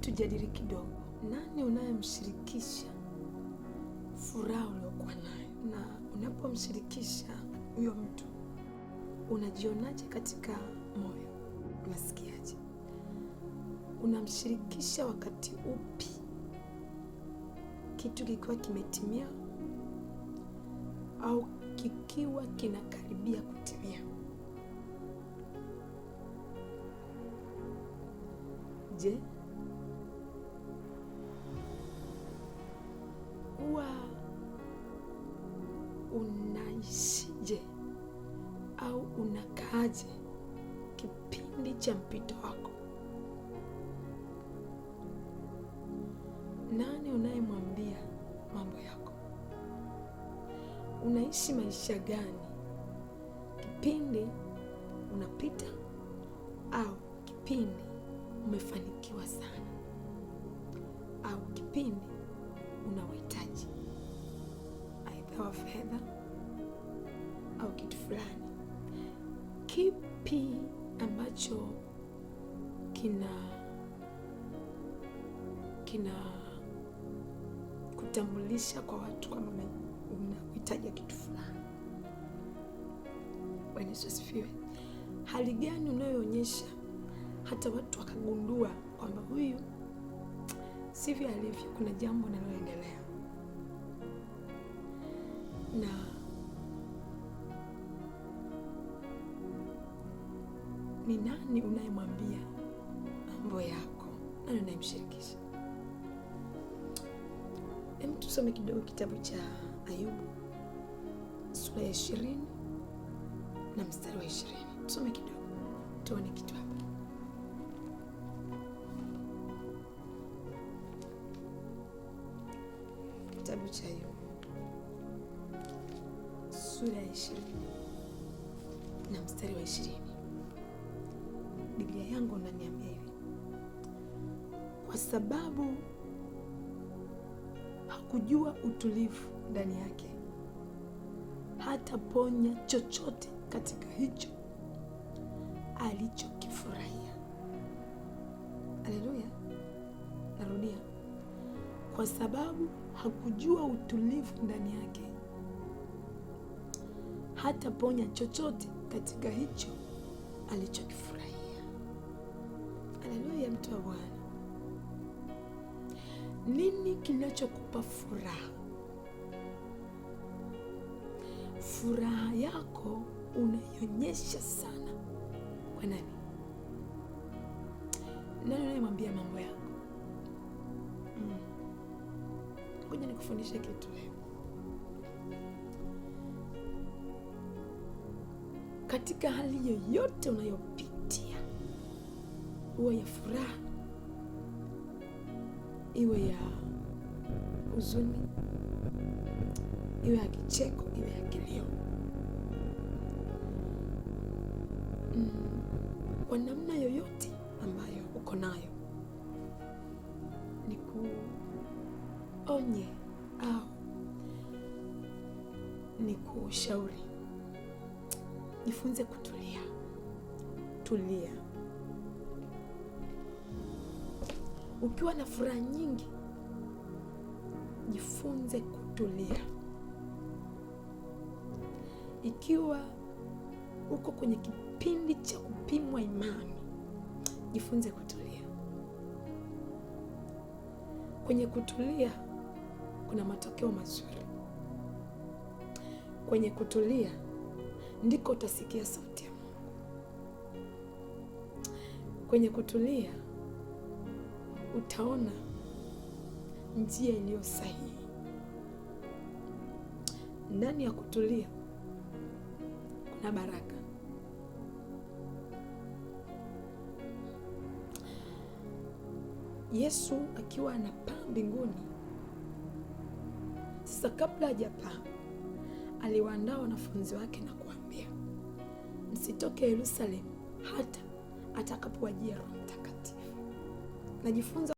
tujadili kidogo, nani unayemshirikisha furaha uliokuwa nayo, na unapomshirikisha huyo mtu unajionaje katika moyo, unasikiaje? Unamshirikisha wakati upi? Kitu kikiwa kimetimia au kikiwa kinakaribia kutimia? Je, kuwa unaishije au unakaaje kipindi cha mpito wako? Nani unayemwambia mambo yako? Unaishi maisha gani kipindi unapita au kipindi umefanikiwa sana au kipindi fedha au kitu fulani, kipi ambacho kina kina kutambulisha kwa watu kama unahitaji kitu fulani? Bwana Yesu asifiwe. Hali gani unayoonyesha hata watu wakagundua kwamba huyu sivyo alivyo, kuna jambo linaloendelea? na ni nani unayemwambia mambo yako? Nani unayemshirikisha? Hem, tusome kidogo kitabu cha Ayubu sura ya ishirini na mstari wa ishirini. Tusome kidogo tuone kitu hapa. Kitabu cha Ayubu sura ya ishirini na mstari wa ishirini Biblia yangu naniambia hivi, kwa sababu hakujua utulivu ndani yake hataponya chochote katika hicho alichokifurahia. Haleluya! Narudia, kwa sababu hakujua utulivu ndani yake hataponya chochote katika hicho alichokifurahia. Haleluya, mtu wa Bwana. Nini kinachokupa furaha? Furaha yako unaionyesha sana kwa nani? Nani unayemwambia mambo yako? Hmm. Ngoja mm, nikufundishe kitu leo. katika hali yoyote unayopitia, iwe ya furaha, iwe ya huzuni, iwe ya kicheko, iwe ya kilio, mm, kwa mm, namna yoyote ambayo uko nayo, ni kuonye au ni kushauri jifunze kutulia. Tulia. Ukiwa na furaha nyingi, jifunze kutulia. Ikiwa uko kwenye kipindi cha kupimwa imani, jifunze kutulia. Kwenye kutulia kuna matokeo mazuri. Kwenye kutulia ndiko utasikia sauti ya Mungu. Kwenye kutulia utaona njia iliyo sahihi. Ndani ya kutulia kuna baraka. Yesu akiwa anapaa mbinguni, sasa kabla hajapaa aliwaandaa wanafunzi wake na kuambia, msitoke Yerusalemu hata atakapowajia Roho Mtakatifu. Najifunza